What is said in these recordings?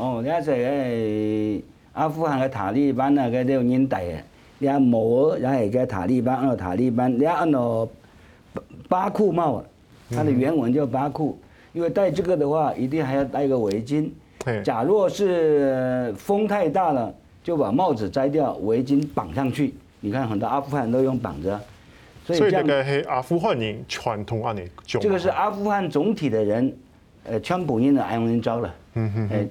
哦，人家齊嘅阿富汗和塔利班那個都要認戴嘅。你一帽又係塔利班啊，塔利班。你一安巴庫帽啊，它的原文叫巴庫，因為戴這個的話，一定還要戴個圍巾。假若是風太大了，就把帽子摘掉，圍巾綁上去。你看很多阿富汗人都用綁着，所以這，所以這個是阿富汗人傳統上嘅。這個是阿富汗總體的人，呃，全部人都用呢招啦。嗯嗯嗯。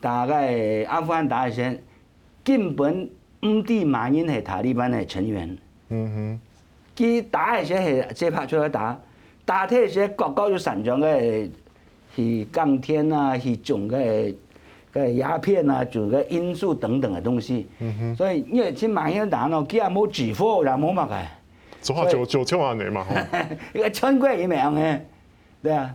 大概阿富汗打起先，根本唔知馬英係塔利班嘅成員。嗯哼，佢打起先係即拍出去打，打起時各各要神裝嘅，是鋼鐵啊，是種嘅嘅鴉片啊，就個罌粟等等嘅東西。嗯哼，所以因為即馬英打咯，佢也冇指揮，也冇乜嘅。手下九九千萬人嘛，一個穿過一面嘅，對啊。